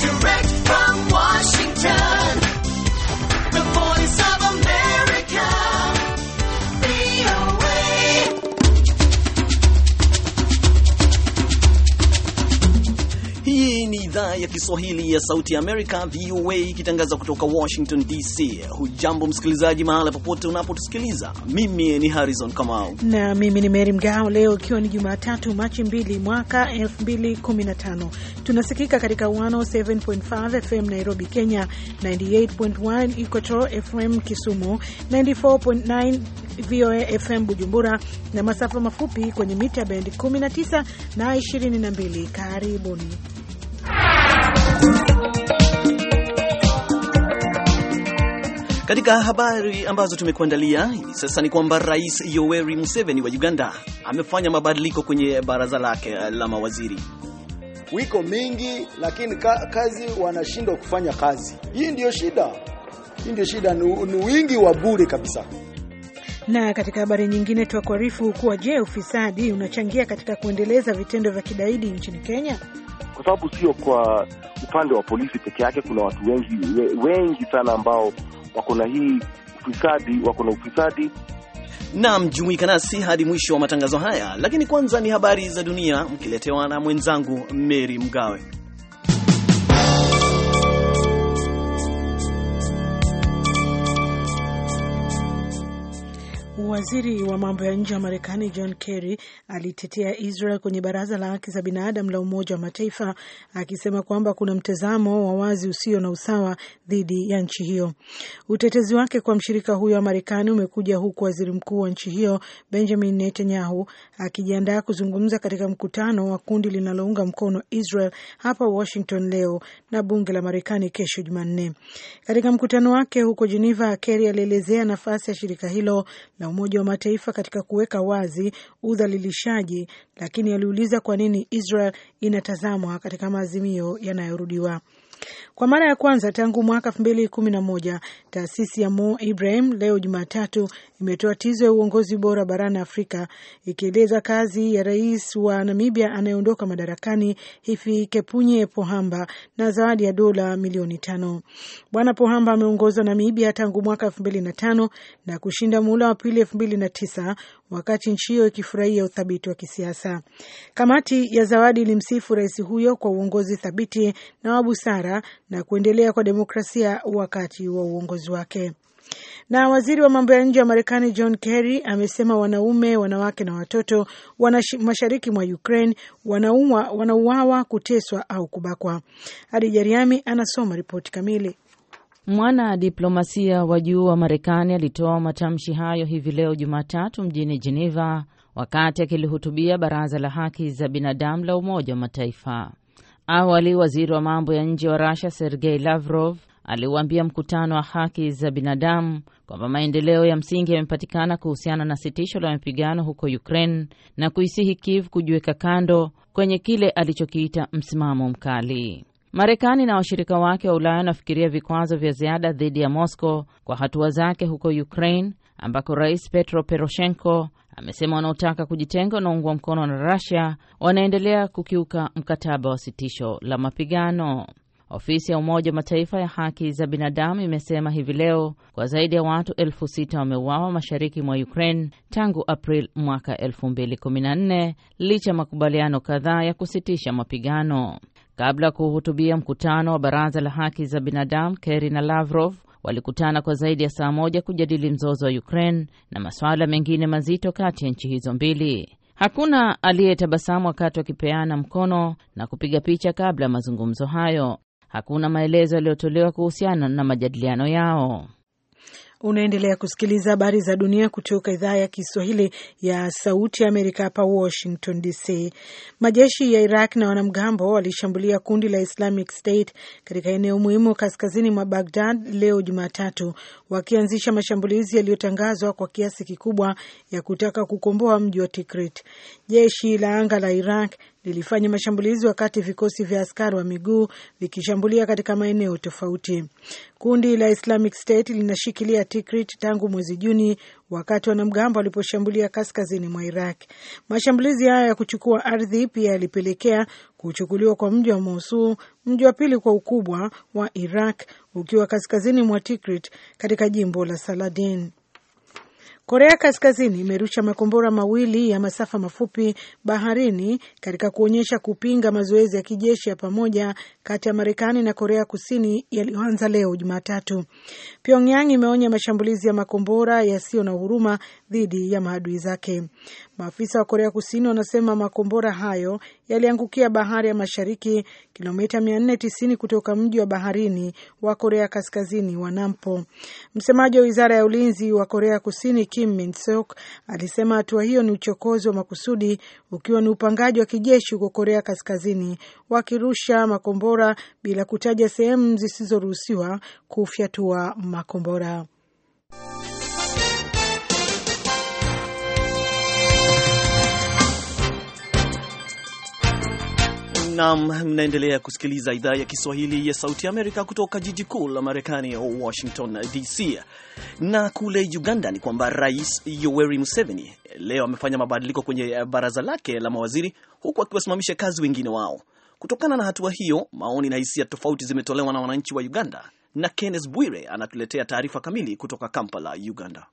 direct ya Kiswahili ya Sauti ya Amerika, VOA, ikitangaza kutoka Washington DC. Hujambo msikilizaji, mahala popote unapotusikiliza. Mimi ni Harrison Kamau na mimi ni Mary Mgao. Leo ikiwa ni Jumatatu, Machi 2 mwaka 2015, tunasikika katika 107.5 FM Nairobi, Kenya, 98.1 Equator FM Kisumu, 94.9 VOA FM Bujumbura, na masafa mafupi kwenye mita bendi 19 na 22. Karibuni. Katika habari ambazo tumekuandalia hivi sasa ni kwamba Rais Yoweri Museveni wa Uganda amefanya mabadiliko kwenye baraza lake eh, la mawaziri. Wiko mingi lakini kazi wanashindwa kufanya kazi. Hii ndiyo shida, hii ndiyo shida, ni wingi wa bure kabisa. Na katika habari nyingine twakuarifu kuwa, je, ufisadi unachangia katika kuendeleza vitendo vya kidaidi nchini Kenya? kwa sababu sio kwa upande wa polisi peke yake. Kuna watu wengi wengi sana ambao wako na hii ufisadi, wako na ufisadi. Naam, jumuika nasi hadi mwisho wa matangazo haya, lakini kwanza ni habari za dunia mkiletewa na mwenzangu Mary Mgawe. Waziri wa mambo ya nje wa Marekani John Kerry alitetea Israel kwenye Baraza la Haki za Binadamu la Umoja wa Mataifa akisema kwamba kuna mtazamo wa wazi usio na usawa dhidi ya nchi hiyo. Utetezi wake kwa mshirika huyo wa Marekani umekuja huku waziri mkuu wa nchi hiyo Benjamin Netanyahu akijiandaa kuzungumza katika mkutano wa kundi linalounga mkono Israel hapa Washington leo na bunge la Marekani kesho Jumanne. Katika mkutano wake huko Geneva, Kerry alielezea nafasi ya shirika hilo la Umoja wa Mataifa katika kuweka wazi udhalilishaji, lakini aliuliza kwa nini Israel inatazamwa katika maazimio yanayorudiwa. Kwa mara ya kwanza tangu mwaka moja taasisi ya Mo Ibrahim leo Jumatatu imetoa tuzo ya uongozi bora barani Afrika ikieleza kazi ya rais wa Namibia anayeondoka madarakani Hifikepunye Pohamba na zawadi ya dola milioni tano. Bwana Pohamba ameongoza Namibia tangu mwaka mbili na kushinda muhula wa pili tisa wakati nchi hiyo ikifurahia uthabiti wa kisiasa. Kamati ya zawadi ilimsifu rais huyo kwa uongozi thabiti na wa busara na kuendelea kwa demokrasia wakati wa uongozi wake. Na waziri wa mambo ya nje wa Marekani John Kerry amesema wanaume, wanawake na watoto wana mashariki mwa Ukraine wanauawa, kuteswa au kubakwa. Hadi Jariami anasoma ripoti kamili. Mwana diplomasia wa juu wa Marekani alitoa matamshi hayo hivi leo Jumatatu mjini Geneva wakati akilihutubia Baraza la Haki za Binadamu la Umoja wa Mataifa. Awali waziri wa mambo ya nje wa Russia Sergei Lavrov aliuambia mkutano wa haki za binadamu kwamba maendeleo ya msingi yamepatikana kuhusiana na sitisho la mapigano huko Ukraine na kuisihi Kiev kujiweka kando kwenye kile alichokiita msimamo mkali. Marekani na washirika wake wa Ulaya wanafikiria vikwazo vya ziada dhidi ya Moscow kwa hatua zake huko Ukraine, ambako Rais Petro Poroshenko amesema wanaotaka kujitenga wanaungwa mkono na rusia wanaendelea kukiuka mkataba wa sitisho la mapigano. Ofisi ya Umoja wa Mataifa ya haki za binadamu imesema hivi leo kwa zaidi ya watu elfu sita wameuawa mashariki mwa Ukraine tangu April mwaka 2014 licha ya makubaliano kadhaa ya kusitisha mapigano. Kabla ya kuhutubia mkutano wa baraza la haki za binadamu, Kerry na Lavrov walikutana kwa zaidi ya saa moja kujadili mzozo wa Ukraine na masuala mengine mazito kati ya nchi hizo mbili. Hakuna aliyetabasamu wakati wakipeana mkono na kupiga picha kabla ya mazungumzo hayo. Hakuna maelezo yaliyotolewa kuhusiana na majadiliano yao. Unaendelea kusikiliza habari za dunia kutoka idhaa ya Kiswahili ya Sauti ya Amerika hapa Washington DC. Majeshi ya Iraq na wanamgambo walishambulia kundi la Islamic State katika eneo muhimu kaskazini mwa Bagdad leo Jumatatu, wakianzisha mashambulizi yaliyotangazwa kwa kiasi kikubwa ya kutaka kukomboa mji wa Tikrit. Jeshi la anga la Iraq lilifanya mashambulizi wakati vikosi vya askari wa miguu vikishambulia katika maeneo tofauti. Kundi la Islamic State linashikilia Tikrit tangu mwezi Juni wakati wanamgambo waliposhambulia kaskazini mwa Iraq. Mashambulizi haya ya kuchukua ardhi pia yalipelekea kuchukuliwa kwa mji wa Mosul, mji wa pili kwa ukubwa wa Iraq, ukiwa kaskazini mwa Tikrit katika jimbo la Saladin. Korea Kaskazini imerusha makombora mawili ya masafa mafupi baharini katika kuonyesha kupinga mazoezi ya kijeshi ya pamoja kati ya Marekani na Korea Kusini yaliyoanza leo Jumatatu. Pyongyang imeonya mashambulizi ya makombora yasiyo na huruma dhidi ya maadui zake. Maafisa wa Korea Kusini wanasema makombora hayo yaliangukia bahari ya Mashariki, kilomita 490 kutoka mji wa baharini wa Korea Kaskazini wa Nampo. Msemaji wa wizara ya ulinzi wa Korea Kusini Kim min alisema hatua hiyo ni uchokozi wa makusudi, ukiwa ni upangaji wa kijeshi huko Korea Kaskazini wakirusha makombora bila kutaja sehemu zisizoruhusiwa kufyatua makombora. Nam, mnaendelea kusikiliza idhaa ya Kiswahili ya Sauti Amerika kutoka jiji kuu la Marekani, Washington DC. Na kule Uganda ni kwamba Rais Yoweri Museveni leo amefanya mabadiliko kwenye baraza lake la mawaziri, huku akiwasimamisha kazi wengine wao. Kutokana na hatua hiyo, maoni na hisia tofauti zimetolewa na wananchi wa Uganda, na Kenneth Bwire anatuletea taarifa kamili kutoka Kampala, Uganda.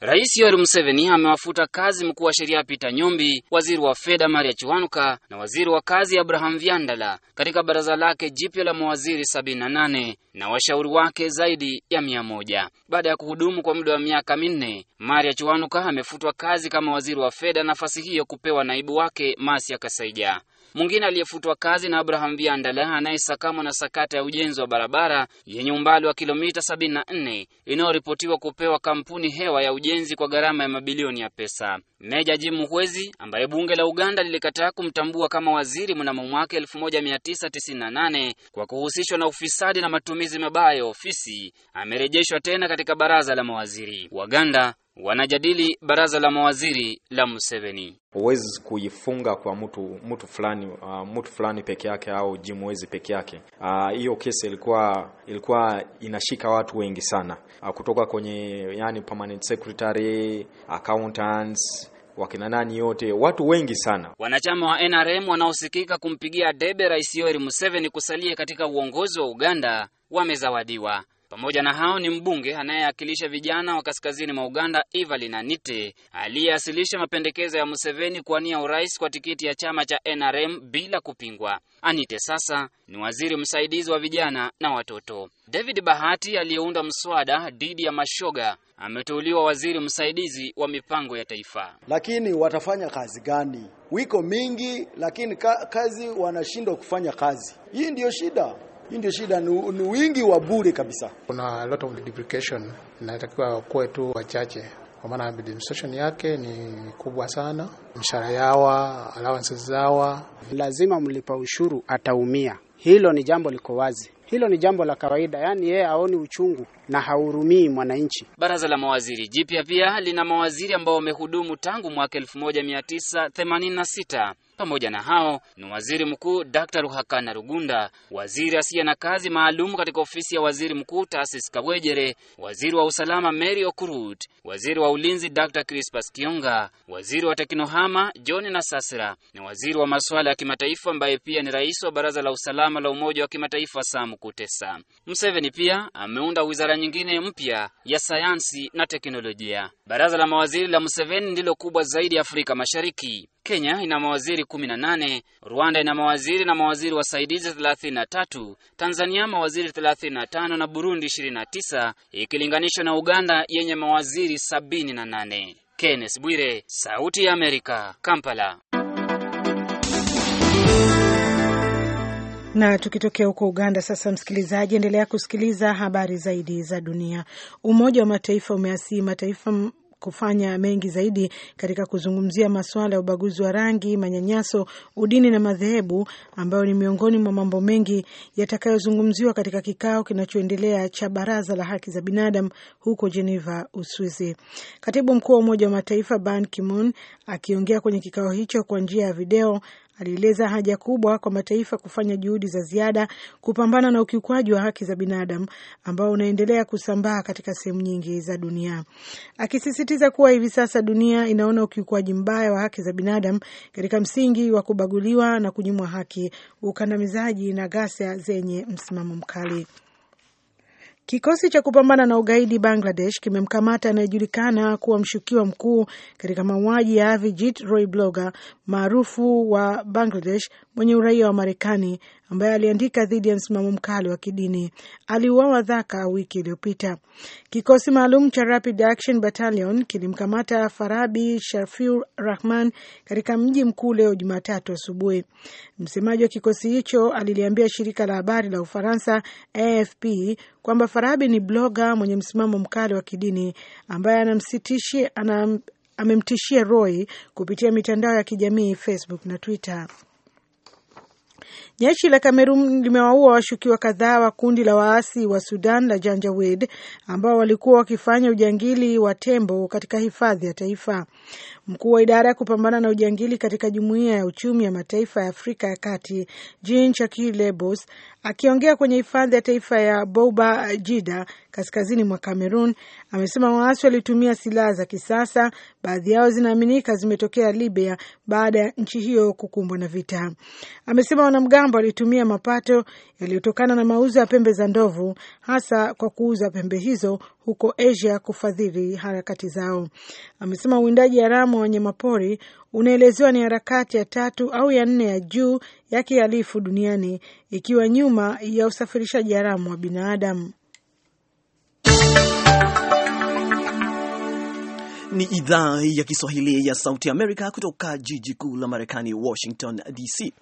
Rais Yoweri Museveni amewafuta kazi mkuu wa sheria Peter Nyombi, waziri wa fedha Maria Chiwanuka na waziri wa kazi Abraham Vyandala katika baraza lake jipya la mawaziri 78 na washauri wake zaidi ya mia moja baada ya kuhudumu kwa muda wa miaka minne. Maria Chiwanuka amefutwa kazi kama waziri wa fedha, nafasi hiyo kupewa naibu wake Masia Kasaija. Mwingine aliyefutwa kazi na Abraham Viandala anayesakama na sakata ya ujenzi wa barabara yenye umbali wa kilomita 74 inayoripotiwa kupewa kampuni hewa ya ujenzi kwa gharama ya mabilioni ya pesa. Meja Jim Muhwezi ambaye bunge la Uganda lilikataa kumtambua kama waziri mnamo mwaka 1998 kwa kuhusishwa na ufisadi na matumizi mabaya ya ofisi amerejeshwa tena katika baraza la mawaziri. Waganda wanajadili baraza la mawaziri la Museveni. Huwezi kuifunga kwa mtu mtu fulani uh, mtu fulani peke yake au jimuwezi peke yake. Uh, hiyo uh, kesi ilikuwa ilikuwa inashika watu wengi sana uh, kutoka kwenye yani permanent secretary, accountants wakina nani yote watu wengi sana. Wanachama wa NRM wanaosikika kumpigia debe Rais Yoweri Museveni kusalia katika uongozi wa Uganda wamezawadiwa pamoja na hao ni mbunge anayeakilisha vijana wa kaskazini mwa Uganda, Evelyn Anite, aliyeasilisha mapendekezo ya Museveni kuwania urais kwa tikiti ya chama cha NRM bila kupingwa. Anite sasa ni waziri msaidizi wa vijana na watoto. David Bahati aliyeunda mswada dhidi ya mashoga ameteuliwa waziri msaidizi wa mipango ya taifa. Lakini watafanya kazi gani? Wiko mingi, lakini kazi wanashindwa kufanya kazi. Hii ndiyo shida. Hii ndio shida, ni wingi wa bure kabisa. Kuna a lot of duplication, inatakiwa kuwe tu wachache kwa maana administration yake ni kubwa sana, mshahara yawa, allowances zawa, lazima mlipa ushuru ataumia. Hilo ni jambo liko wazi, hilo ni jambo la kawaida, yaani yeye haoni uchungu na hahurumii mwananchi. Baraza la mawaziri jipya pia lina mawaziri ambao wamehudumu tangu mwaka 1986 pamoja na hao ni waziri mkuu Dr. Ruhakana Rugunda, waziri asiye na kazi maalum katika ofisi ya waziri mkuu tarsis Kabwejere, waziri wa usalama Mary Okurut, waziri wa ulinzi Dr. Crispas Kionga, waziri wa teknohama John Nasasira na waziri wa masuala ya kimataifa ambaye pia ni rais wa baraza la usalama la Umoja wa Kimataifa Sam Kutesa. Museveni pia ameunda wizara nyingine mpya ya sayansi na teknolojia. Baraza la mawaziri la Museveni ndilo kubwa zaidi Afrika Mashariki. Kenya ina mawaziri kumi na nane, Rwanda ina mawaziri na mawaziri wasaidizi 33, tatu, Tanzania mawaziri 35 na Burundi 29 ikilinganishwa na Uganda yenye mawaziri sabini na nane. Kenneth Bwire, Sauti ya Amerika, Kampala. Na tukitokea huko Uganda sasa, msikilizaji, endelea kusikiliza habari zaidi za dunia. Umoja wa Mataifa umeasii mataifa kufanya mengi zaidi katika kuzungumzia masuala ya ubaguzi wa rangi, manyanyaso, udini na madhehebu, ambayo ni miongoni mwa mambo mengi yatakayozungumziwa katika kikao kinachoendelea cha Baraza la Haki za Binadamu huko Geneva, Uswizi. Katibu Mkuu wa Umoja wa Mataifa Ban Ki-moon akiongea kwenye kikao hicho kwa njia ya video Alieleza haja kubwa kwa mataifa kufanya juhudi za ziada kupambana na ukiukwaji wa haki za binadamu ambao unaendelea kusambaa katika sehemu nyingi za dunia, akisisitiza kuwa hivi sasa dunia inaona ukiukwaji mbaya wa haki za binadamu katika msingi wa kubaguliwa na kunyimwa haki, ukandamizaji na ghasia zenye msimamo mkali. Kikosi cha kupambana na ugaidi Bangladesh kimemkamata anayejulikana kuwa mshukiwa mkuu katika mauaji ya Avijit Roy, bloger maarufu wa Bangladesh mwenye uraia wa Marekani ambaye aliandika dhidi ya msimamo mkali wa kidini aliuawa Dhaka wiki iliyopita. Kikosi maalum cha Rapid Action Battalion kilimkamata Farabi Shafiur Rahman katika mji mkuu leo Jumatatu asubuhi. Msemaji wa kikosi hicho aliliambia shirika la habari la Ufaransa AFP kwamba Farabi ni bloga mwenye msimamo mkali wa kidini ambaye anamsitishi anam, amemtishia Roy kupitia mitandao ya kijamii Facebook na Twitter. Jeshi la Kamerun limewaua washukiwa kadhaa wa kundi la waasi wa Sudan la Janjawid ambao walikuwa wakifanya ujangili wa tembo katika hifadhi ya taifa. Mkuu wa idara ya kupambana na ujangili katika Jumuiya ya Uchumi ya Mataifa ya Afrika ya Kati, Jean Chaki Lebos, akiongea kwenye hifadhi ya taifa ya Bouba Jida kaskazini mwa Kamerun, amesema waasi walitumia silaha za kisasa, baadhi yao zinaaminika zimetokea Libya baada ya nchi hiyo kukumbwa na vita. Amesema wanamgambo Rambo alitumia mapato yaliyotokana na mauzo ya pembe za ndovu, hasa kwa kuuza pembe hizo huko Asia kufadhili harakati zao. Amesema uwindaji haramu wa wanyamapori unaelezewa ni harakati ya tatu au ya nne ya juu ya kihalifu duniani, ikiwa nyuma ya usafirishaji haramu wa binadamu. Ni idhaa ya Kiswahili ya Sauti Amerika kutoka jiji kuu la Marekani, Washington DC.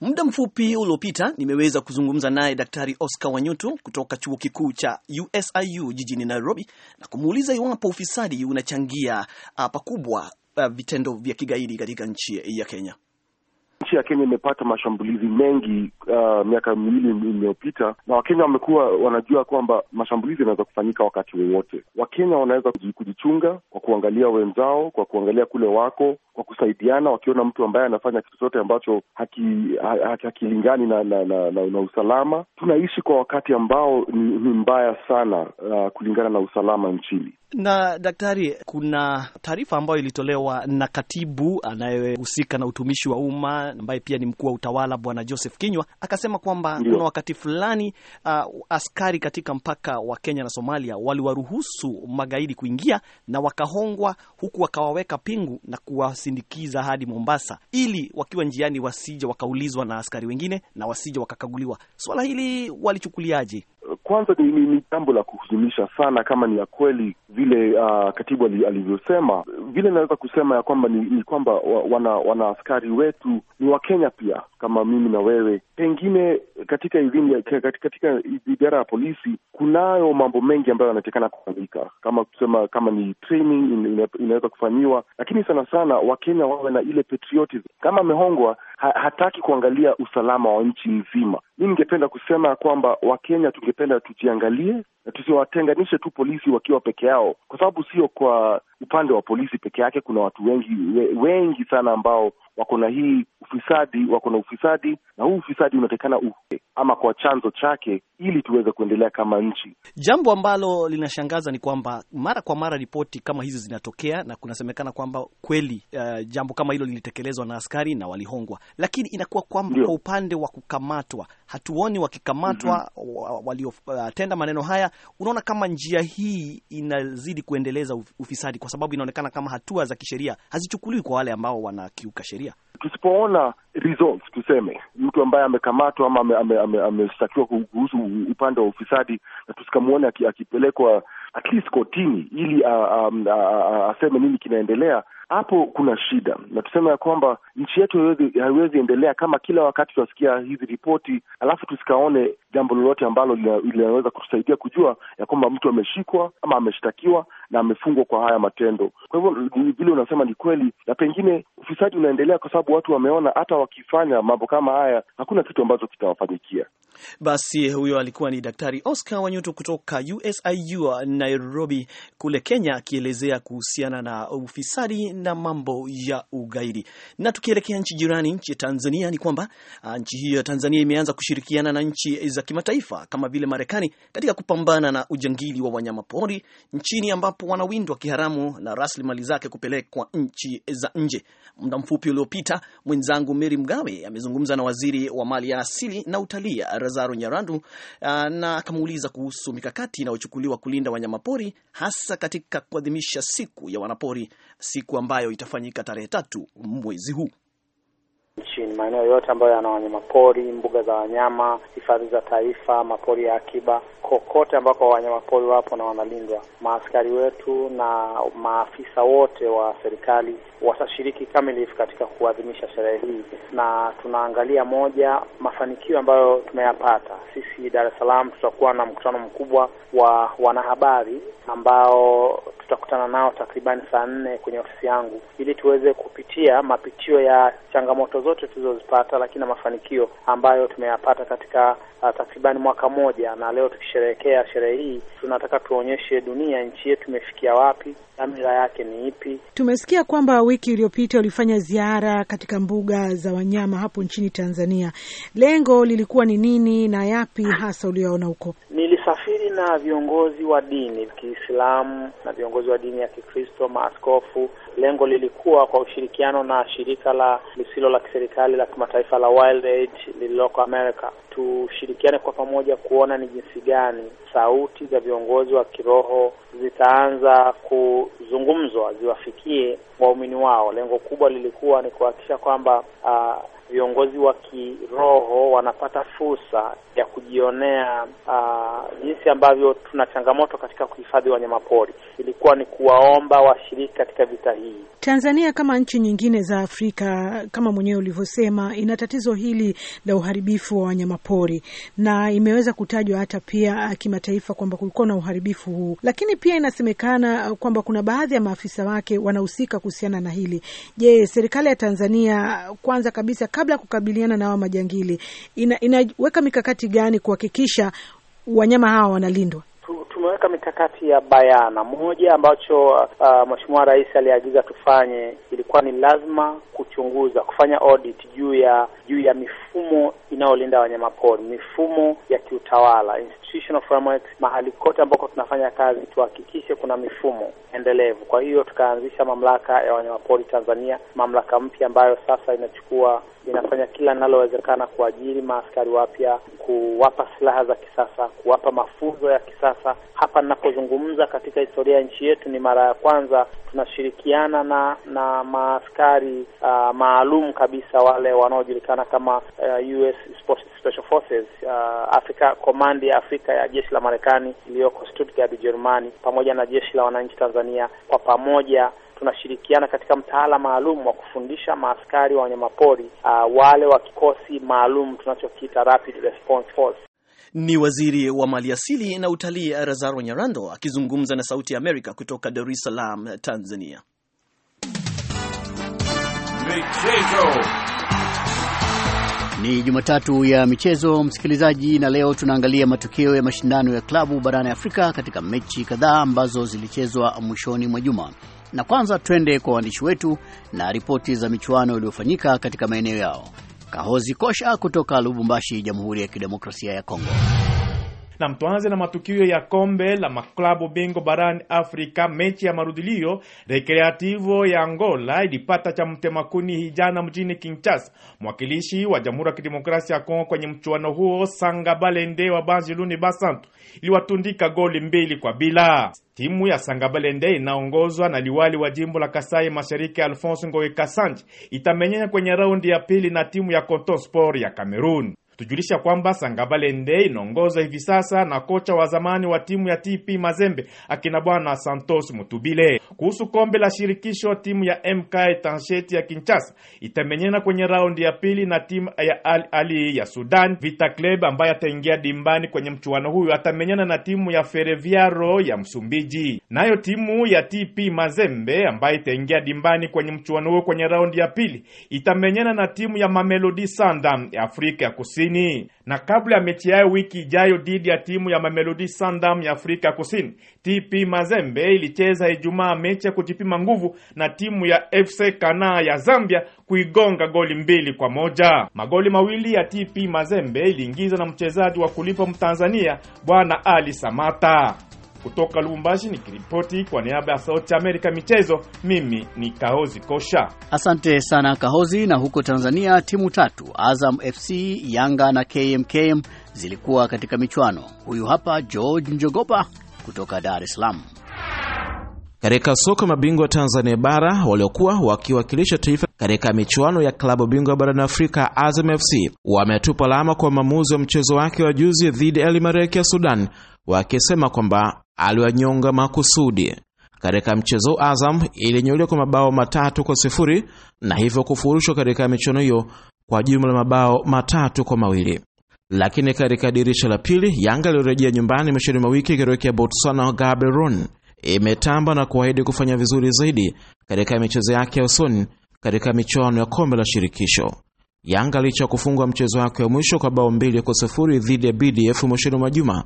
Muda mfupi uliopita nimeweza kuzungumza naye Daktari Oscar wanyutu kutoka chuo kikuu cha USIU jijini Nairobi na kumuuliza iwapo ufisadi unachangia ah, pakubwa ah, vitendo vya kigaidi katika nchi ya Kenya. Nchi ya Kenya imepata mashambulizi mengi uh, miaka miwili iliyopita, na Wakenya wamekuwa wanajua kwamba mashambulizi yanaweza kufanyika wakati wowote. Wakenya wanaweza kujichunga kwa kuangalia wenzao, kwa kuangalia kule wako, kwa kusaidiana, wakiona mtu ambaye anafanya kitu chochote ambacho hakilingani ha, haki na, na, na, na, na usalama. Tunaishi kwa wakati ambao ni, ni mbaya sana uh, kulingana na usalama nchini. Na daktari, kuna taarifa ambayo ilitolewa na katibu anayehusika na utumishi wa umma ambaye pia ni mkuu wa utawala Bwana Joseph Kinywa akasema kwamba kuna wakati fulani uh, askari katika mpaka wa Kenya na Somalia waliwaruhusu magaidi kuingia na wakahongwa, huku wakawaweka pingu na kuwasindikiza hadi Mombasa, ili wakiwa njiani wasije wakaulizwa na askari wengine na wasije wakakaguliwa. Swala hili walichukuliaje? Kwanza ni, ni, ni jambo la kuhuzunisha sana kama ni ya kweli vile uh, katibu alivyosema. Vile inaweza kusema ya kwamba ni, ni kwamba wana wanaaskari wetu ni Wakenya pia kama mimi na wewe, pengine katika idhini, katika idara ya polisi kunayo mambo mengi ambayo yanatekana kufanyika, kama kusema kama ni training inaweza kufanyiwa, lakini sana sana Wakenya wawe na ile patriotism. Kama amehongwa ha, hataki kuangalia usalama wa nchi nzima. Mi ningependa kusema ya kwamba Wakenya tungependa tujiangalie na tusiwatenganishe tu polisi wakiwa peke yao, kwa sababu sio kwa upande wa polisi peke yake. Kuna watu wengi we, wengi sana ambao wako na hii ufisadi, wako na ufisadi, na huu ufisadi unatakikana ufe ama kwa chanzo chake, ili tuweze kuendelea kama nchi. Jambo ambalo linashangaza ni kwamba mara kwa mara ripoti kama hizi zinatokea na kunasemekana kwamba kweli, uh, jambo kama hilo lilitekelezwa na askari na walihongwa, lakini inakuwa kwamba kwa upande wa kukamatwa hatuoni wakikamatwa mm -hmm. waliotenda uh, maneno haya, unaona kama njia hii inazidi kuendeleza ufisadi, kwa sababu inaonekana kama hatua za kisheria hazichukuliwi kwa wale ambao wanakiuka sheria. Tusipoona results, tuseme mtu ambaye amekamatwa ama ameshtakiwa ame, ame, ame kuhusu upande wa ufisadi, na tusikamwone akipelekwa at least kotini ili aseme nini kinaendelea hapo kuna shida, na tuseme ya kwamba nchi yetu haiwezi endelea kama kila wakati tunasikia hizi ripoti alafu tusikaone jambo lolote ambalo linaweza kutusaidia kujua ya kwamba mtu ameshikwa ama ameshtakiwa na amefungwa kwa haya matendo. Kwa hivyo vile unasema ni kweli, na pengine ufisadi unaendelea kwa sababu watu wameona hata wakifanya mambo kama haya hakuna kitu ambacho kitawafanyikia. Basi huyo alikuwa ni Daktari Oscar Wanyuto kutoka USIU Nairobi kule Kenya, akielezea kuhusiana na ufisadi na mambo ya ugaidi. Na tukielekea nchi jirani, nchi ya Tanzania, ni kwamba ah, nchi hiyo ya Tanzania imeanza kushirikiana na nchi za kimataifa kama vile Marekani katika kupambana na ujangili wa wanyama pori nchini, ambapo wanawindwa kiharamu na rasilimali zake kupelekwa nchi za nje. Muda mfupi uliopita, mwenzangu Meri Mgawe amezungumza na waziri wa mali ya asili na utalii Lazaro Nyarandu ah, na akamuuliza kuhusu mikakati inayochukuliwa kulinda wanyamapori hasa katika kuadhimisha siku ya wanapori, siku ambayo itafanyika tarehe tatu mwezi huu nchini maeneo yote ambayo yana wanyamapori, mbuga za wanyama, hifadhi za taifa, mapori ya akiba, kokote ambako wanyamapori wapo na wanalindwa, maaskari wetu na maafisa wote wa serikali watashiriki kamilifu katika kuadhimisha sherehe hii, na tunaangalia moja mafanikio ambayo tumeyapata sisi. Dar es Salaam tutakuwa na mkutano mkubwa wa wanahabari ambao tutakutana nao takribani saa nne kwenye ofisi yangu ili tuweze kupitia mapitio ya changamoto zote tulizozipata, lakini na mafanikio ambayo tumeyapata katika uh, takribani mwaka moja Na leo tukisherehekea sherehe hii, tunataka tuonyeshe dunia nchi yetu imefikia wapi, dhamira yake ni ipi. Tumesikia kwamba wiki iliyopita ulifanya ziara katika mbuga za wanyama hapo nchini Tanzania. Lengo lilikuwa ni nini na yapi hasa uliyoona huko? kusafiri na viongozi wa dini Kiislamu na viongozi wa dini ya Kikristo, maaskofu. Lengo lilikuwa kwa ushirikiano na shirika la lisilo la kiserikali la kimataifa la Wild Aid lililoko America, tushirikiane kwa pamoja kuona ni jinsi gani sauti za viongozi wa kiroho zitaanza kuzungumzwa ziwafikie waumini wao. Lengo kubwa lilikuwa ni kuhakikisha kwamba uh, viongozi wa kiroho wanapata fursa ya kujionea uh, jinsi ambavyo tuna changamoto katika kuhifadhi wanyamapori. Ilikuwa ni kuwaomba washiriki katika vita hii. Tanzania kama nchi nyingine za Afrika, kama mwenyewe ulivyosema, ina tatizo hili la uharibifu wa wanyamapori na imeweza kutajwa hata pia ah, kimataifa kwamba kulikuwa na uharibifu huu, lakini pia inasemekana kwamba kuna baadhi ya maafisa wake wanahusika kuhusiana na hili. Je, serikali ya Tanzania kwanza kabisa kabla ya kukabiliana na hawa majangili ina, inaweka mikakati gani kuhakikisha wanyama hawa wanalindwa? Tumeweka mikakati ya bayana. Moja ambacho uh, uh, Mheshimiwa Rais aliagiza tufanye, ilikuwa ni lazima kuchunguza, kufanya audit juu ya juu ya mifumo inayolinda wanyamapori, mifumo ya kiutawala institutional frameworks, mahali kote ambako tunafanya kazi tuhakikishe kuna mifumo endelevu. Kwa hiyo tukaanzisha mamlaka ya wanyamapori Tanzania, mamlaka mpya ambayo sasa inachukua inafanya kila linalowezekana kuajiri maaskari wapya, kuwapa silaha za kisasa, kuwapa mafunzo ya kisasa. Hapa ninapozungumza, katika historia ya nchi yetu ni mara ya kwanza tunashirikiana na na maaskari uh, maalum kabisa wale wanaojulikana kama uh, US Special Forces uh, Africa Command ya Afrika ya jeshi la Marekani iliyoko Stuttgart, Ujerumani, pamoja na jeshi la wananchi Tanzania, kwa pamoja tunashirikiana katika mtaala maalum wa kufundisha maaskari wa wanyamapori uh, wale wa kikosi maalum tunachokiita Rapid Response Force. Ni waziri wa maliasili na utalii Razaro Nyarando akizungumza na Sauti ya Amerika kutoka Dar es Salaam, Tanzania. Michezo ni Jumatatu ya michezo, msikilizaji, na leo tunaangalia matokeo ya mashindano ya klabu barani Afrika katika mechi kadhaa ambazo zilichezwa mwishoni mwa juma na kwanza twende kwa waandishi wetu na ripoti za michuano iliyofanyika katika maeneo yao. Kahozi Kosha kutoka Lubumbashi, Jamhuri ya Kidemokrasia ya Kongo na mtuanze na matukio ya kombe la maklabu bingo barani Afrika. Mechi ya marudhilio Recreativo ya Angola ilipata cha mtemakuni hijana mjini Kinshasa. Mwakilishi wa Jamhuri ya Kidemokrasia ya Kongo kwenye mchuano huo Sanga Balende wa Banjiluni Basantu iliwatundika goli mbili kwa bila. Timu ya Sangabalende inaongozwa na liwali wa jimbo la Kasai Mashariki Alfonso Ngoe Kasanji itamenyenya kwenye raundi ya pili na timu ya sport ya Kamerun tujulisha kwamba Sangabalende inaongoza hivi sasa na kocha wa zamani wa timu ya TP Mazembe akina bwana Santos Mutubile. Kuhusu kombe la shirikisho, timu ya MK Tansheti ya Kinshasa itamenyana kwenye raundi ya pili na timu ya Al Ali ya Sudan. Vita Club ambaye ataingia dimbani kwenye mchuano huyu atamenyana na timu ya Ferroviaro ya Msumbiji. Nayo timu ya TP Mazembe ambaye itaingia dimbani kwenye mchuano huo kwenye raundi ya pili itamenyana na timu ya Mamelodi Sundowns ya Afrika ya Kusini ugenini. Na kabla ya mechi yayo wiki ijayo dhidi ya timu ya Mamelodi sundam ya Afrika Kusini, TP Mazembe ilicheza Ijumaa mechi ya kujipima nguvu na timu ya FC kana ya Zambia kuigonga goli mbili kwa moja. Magoli mawili ya TP Mazembe iliingizwa na mchezaji wa kulipa Mtanzania Bwana Ali Samata. Kutoka Lubumbashi nikiripoti kwa niaba ya Sauti Amerika michezo, mimi ni Kahozi Kosha. Asante sana Kahozi. Na huko Tanzania, timu tatu Azam FC, Yanga na KMKM zilikuwa katika michuano. Huyu hapa George Njogopa kutoka Dar es Salaam. Katika soka mabingwa Tanzania bara waliokuwa wakiwakilisha taifa katika michuano ya klabu bingwa barani Afrika, Azam FC wametupa alama kwa maamuzi wa mchezo wake wa juzi dhidi ya Al ya Sudan, wakisema kwamba aliwanyonga makusudi. Katika mchezo Azam ilinyolewa kwa mabao matatu kwa sifuri na hivyo kufurushwa katika michuano hiyo kwa jumla mabao matatu kwa mawili. Lakini katika dirisha la pili, Yanga iliyorejea nyumbani mwishoni mwa wiki ikiwekea Botswana Gaborone imetamba na kuahidi kufanya vizuri zaidi katika michezo yake ya usoni katika michuano ya kombe la shirikisho. Yanga licha ya kufungwa mchezo wake wa mwisho kwa bao mbili kwa sifuri dhidi ya BDF mwishoni mwa juma,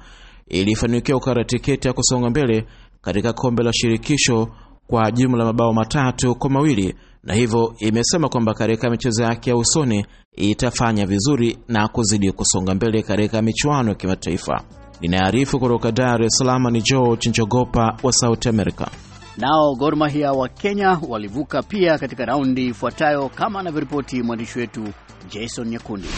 ilifanikiwa kukata tiketi ya kusonga mbele katika kombe la shirikisho kwa jumla mabao matatu kwa mawili na hivyo imesema kwamba katika michezo yake ya usoni itafanya vizuri na kuzidi kusonga mbele katika michuano ya kimataifa. Ninaarifu kutoka Dar es Salaam ni George Njogopa wa south america Nao Gor Mahia wa Kenya walivuka pia katika raundi ifuatayo, kama anavyoripoti mwandishi wetu Jason Nyakundi.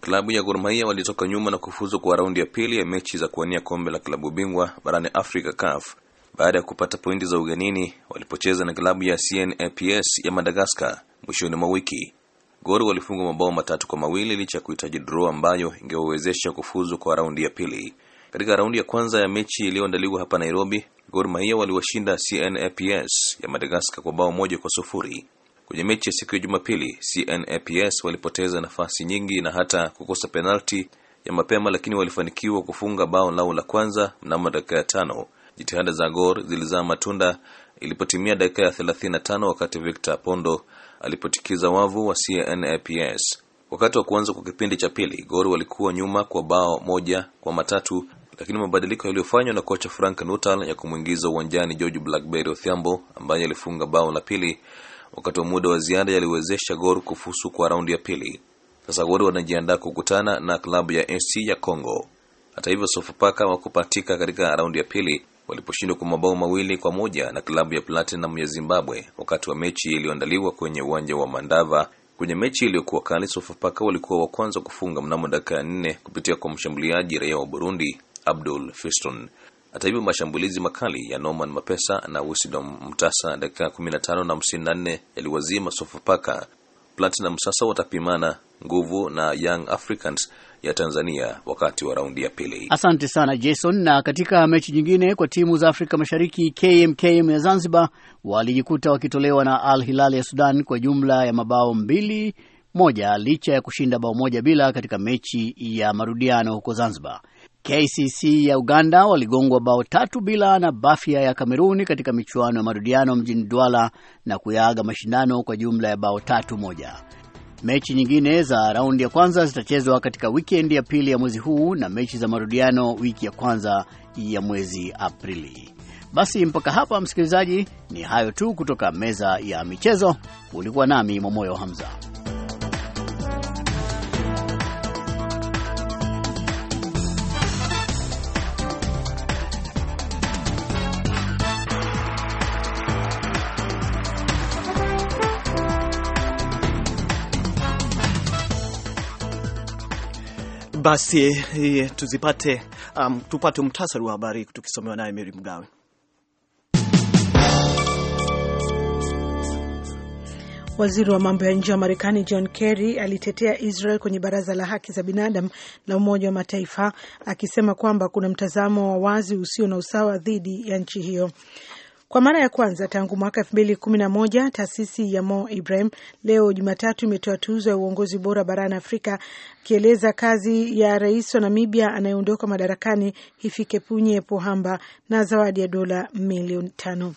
Klabu ya Gor Mahia walitoka nyuma na kufuzu kwa raundi ya pili ya mechi za kuwania kombe la klabu bingwa barani Afrika CAF baada ya kupata pointi za ugenini walipocheza na klabu ya CNAPS ya Madagascar mwishoni mwa wiki. Gor walifungwa mabao matatu kwa mawili licha ya kuhitaji draw ambayo ingewawezesha kufuzu kwa raundi ya pili. Katika raundi ya kwanza ya mechi iliyoandaliwa hapa Nairobi, Gor Mahia waliwashinda CNAPS ya Madagascar kwa bao moja kwa sufuri. Kwenye mechi ya siku ya Jumapili, CNAPS walipoteza nafasi nyingi na hata kukosa penalti ya mapema, lakini walifanikiwa kufunga bao lao la kwanza mnamo dakika ya tano. Jitihada za Gor zilizaa matunda ilipotimia dakika ya 35 wakati Victor Pondo alipotikiza wavu wa CNAPS. Wakati wa kuanza kwa kipindi cha pili, Gor walikuwa nyuma kwa bao moja kwa matatu lakini mabadiliko yaliyofanywa na kocha Frank Nuttall ya kumwingiza uwanjani George Blackberry othiambo ambaye alifunga bao la pili wakati wa muda wa ziada yaliwezesha Gor kufusu kwa raundi ya pili. Sasa Gor wanajiandaa kukutana na klabu ya SC ya Congo. Hata hivyo, Sofapaka wakupatika katika raundi ya pili waliposhindwa kwa mabao mawili kwa moja na klabu ya Platinum ya Zimbabwe wakati wa mechi iliyoandaliwa kwenye uwanja wa Mandava. Kwenye mechi iliyokuwa kali, Sofapaka walikuwa wa kwanza kufunga mnamo dakika ya nne kupitia kwa mshambuliaji raia wa Burundi Abdul Fiston. Hata hivyo mashambulizi makali ya Norman Mapesa na Wisdom Mtasa dakika 15 na 54 yaliwazima Sofapaka. Platinum sasa watapimana nguvu na Young Africans ya Tanzania wakati wa raundi ya pili. Asante sana Jason. Na katika mechi nyingine kwa timu za Afrika Mashariki, KMKM ya Zanzibar walijikuta wakitolewa na Al Hilal ya Sudan kwa jumla ya mabao mbili moja licha ya kushinda bao moja bila katika mechi ya marudiano huko Zanzibar. KCC ya Uganda waligongwa bao tatu bila na Bafia ya Kameruni katika michuano ya marudiano mjini duala na kuyaaga mashindano kwa jumla ya bao tatu moja. Mechi nyingine za raundi ya kwanza zitachezwa katika wikendi ya pili ya mwezi huu na mechi za marudiano wiki ya kwanza ya mwezi Aprili. Basi mpaka hapa, msikilizaji, ni hayo tu kutoka meza ya michezo. Ulikuwa nami Momoyo Hamza. Basi eh, tuzipate um, tupate mtasari wa habari tukisomewa naye Meri Mgawe. Waziri wa mambo ya nje wa Marekani John Kerry alitetea Israel kwenye Baraza la Haki za Binadamu la Umoja wa Mataifa akisema kwamba kuna mtazamo wa wazi usio na usawa dhidi ya nchi hiyo. Kwa mara ya kwanza tangu mwaka elfu mbili kumi na moja taasisi ya Mo Ibrahim leo Jumatatu imetoa tuzo ya uongozi bora barani Afrika, akieleza kazi ya rais wa Namibia anayeondoka madarakani Hifikepunye Pohamba na zawadi ya dola milioni tano.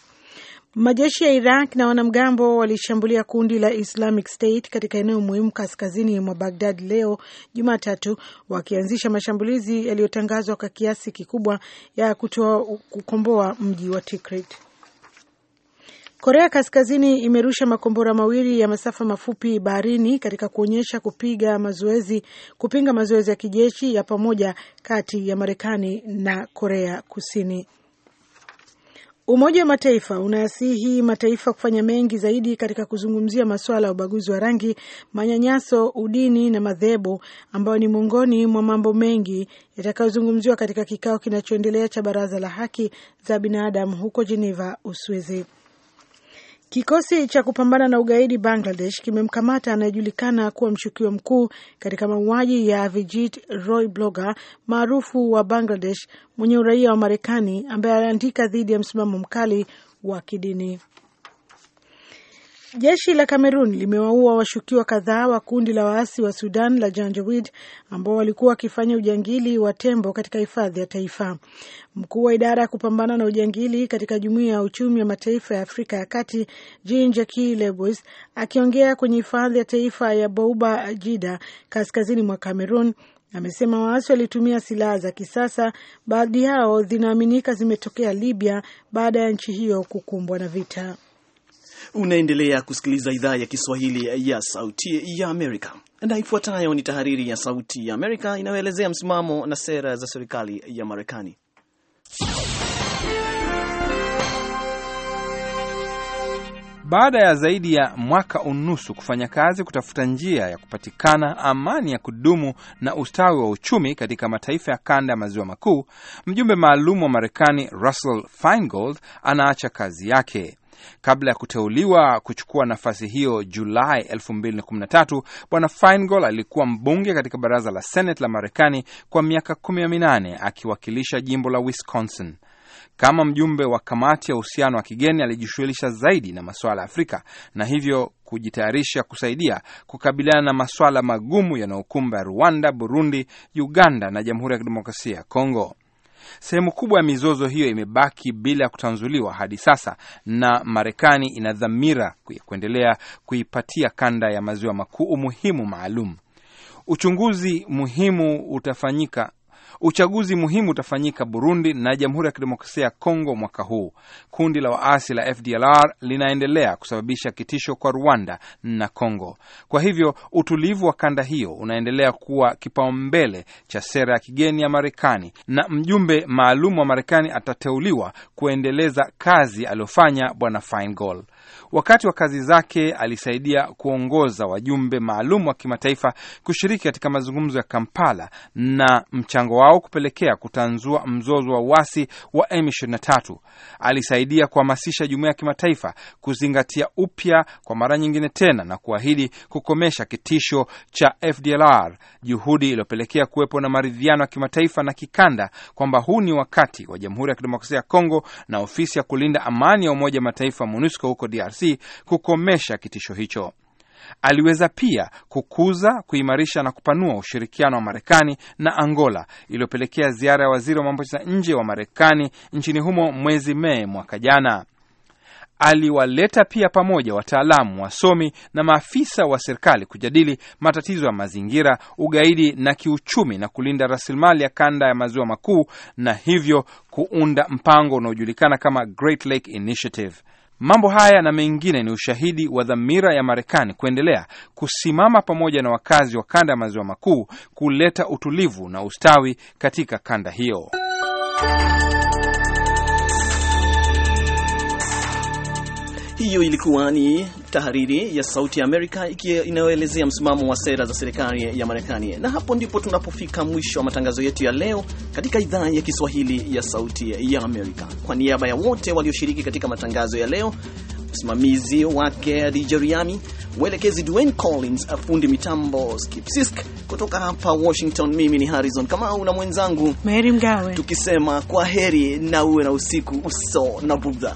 Majeshi ya Iraq na wanamgambo walishambulia kundi la Islamic State katika eneo muhimu kaskazini mwa Bagdad leo Jumatatu, wakianzisha mashambulizi yaliyotangazwa kwa kiasi kikubwa ya kutoa kukomboa mji wa Tikrit. Korea Kaskazini imerusha makombora mawili ya masafa mafupi baharini katika kuonyesha kupiga mazoezi kupinga mazoezi ya kijeshi ya pamoja kati ya Marekani na Korea Kusini. Umoja wa Mataifa unaasihi mataifa kufanya mengi zaidi katika kuzungumzia masuala ya ubaguzi wa rangi, manyanyaso, udini na madhehebu ambayo ni miongoni mwa mambo mengi yatakayozungumziwa katika kikao kinachoendelea cha Baraza la Haki za Binadamu huko Geneva, Uswizi. Kikosi cha kupambana na ugaidi Bangladesh kimemkamata anayejulikana kuwa mshukiwa mkuu katika mauaji ya Vijit Roy, bloga maarufu wa Bangladesh mwenye uraia wa Marekani ambaye aliandika dhidi ya msimamo mkali wa kidini. Jeshi la Kamerun limewaua washukiwa kadhaa wa kundi la waasi wa Sudan la Janjawid ambao walikuwa wakifanya ujangili wa tembo katika hifadhi ya taifa. Mkuu wa idara ya kupambana na ujangili katika Jumuiya ya Uchumi wa Mataifa ya Afrika ya Kati, Jean jaki Lebois, akiongea kwenye hifadhi ya taifa ya Bouba Jida kaskazini mwa Kamerun, amesema waasi walitumia silaha za kisasa. Baadhi yao zinaaminika zimetokea Libya baada ya nchi hiyo kukumbwa na vita. Unaendelea kusikiliza idhaa ya Kiswahili ya Sauti ya Amerika, na ifuatayo ni tahariri ya Sauti ya Amerika inayoelezea msimamo na sera za serikali ya Marekani. Baada ya zaidi ya mwaka unusu kufanya kazi kutafuta njia ya kupatikana amani ya kudumu na ustawi wa uchumi katika mataifa ya kanda ya maziwa makuu, mjumbe maalum wa Marekani Russell Feingold anaacha kazi yake. Kabla ya kuteuliwa kuchukua nafasi hiyo Julai 2013, Bwana Feingold alikuwa mbunge katika baraza la Senate la Marekani kwa miaka 18 akiwakilisha jimbo la Wisconsin. Kama mjumbe wa kamati ya uhusiano wa kigeni alijishughulisha zaidi na masuala ya Afrika na hivyo kujitayarisha kusaidia kukabiliana na masuala magumu yanayokumba Rwanda, Burundi, Uganda na Jamhuri ya Kidemokrasia ya Kongo. Sehemu kubwa ya mizozo hiyo imebaki bila ya kutanzuliwa hadi sasa, na Marekani ina dhamira kuendelea kuipatia kanda ya maziwa makuu umuhimu maalum. Uchunguzi muhimu utafanyika Uchaguzi muhimu utafanyika Burundi na Jamhuri ya Kidemokrasia ya Kongo mwaka huu. Kundi la waasi la FDLR linaendelea kusababisha kitisho kwa Rwanda na Kongo. Kwa hivyo utulivu wa kanda hiyo unaendelea kuwa kipaumbele cha sera ya kigeni ya Marekani, na mjumbe maalum wa Marekani atateuliwa kuendeleza kazi aliyofanya Bwana Feingold. Wakati wa kazi zake alisaidia kuongoza wajumbe maalum wa kimataifa kushiriki katika mazungumzo ya Kampala na mchango wao kupelekea kutanzua mzozo wa uasi wa M23. Alisaidia kuhamasisha jumuiya ya kimataifa kuzingatia upya kwa mara nyingine tena na kuahidi kukomesha kitisho cha FDLR, juhudi iliyopelekea kuwepo na maridhiano ya kimataifa na kikanda kwamba huu ni wakati wa Jamhuri ya Kidemokrasia ya Kongo na ofisi ya kulinda amani ya Umoja wa Mataifa MONUSCO huko DRC kukomesha kitisho hicho. Aliweza pia kukuza, kuimarisha na kupanua ushirikiano wa Marekani na Angola, iliyopelekea ziara ya waziri wa mambo za nje wa Marekani nchini humo mwezi Mei mwaka jana. Aliwaleta pia pamoja wataalamu, wasomi na maafisa wa serikali kujadili matatizo ya mazingira, ugaidi na kiuchumi, na kulinda rasilimali ya kanda ya maziwa makuu, na hivyo kuunda mpango unaojulikana kama Great Lake Initiative. Mambo haya na mengine ni ushahidi wa dhamira ya Marekani kuendelea kusimama pamoja na wakazi wa kanda ya maziwa makuu kuleta utulivu na ustawi katika kanda hiyo. Hiyo ilikuwa ni tahariri ya Sauti ya Amerika inayoelezea msimamo wa sera za serikali ya Marekani. Na hapo ndipo tunapofika mwisho wa matangazo yetu ya leo katika idhaa ya Kiswahili ya Sauti ya Amerika. Kwa niaba ya wote walioshiriki katika matangazo ya leo, msimamizi wake dijeriami mwelekezi Dwayne Collins, afundi mitambo Skip Sisk, kutoka hapa Washington, mimi ni Harrison Kamau na mwenzangu Mary Mgawe, tukisema kwa heri na uwe na usiku uso na budha.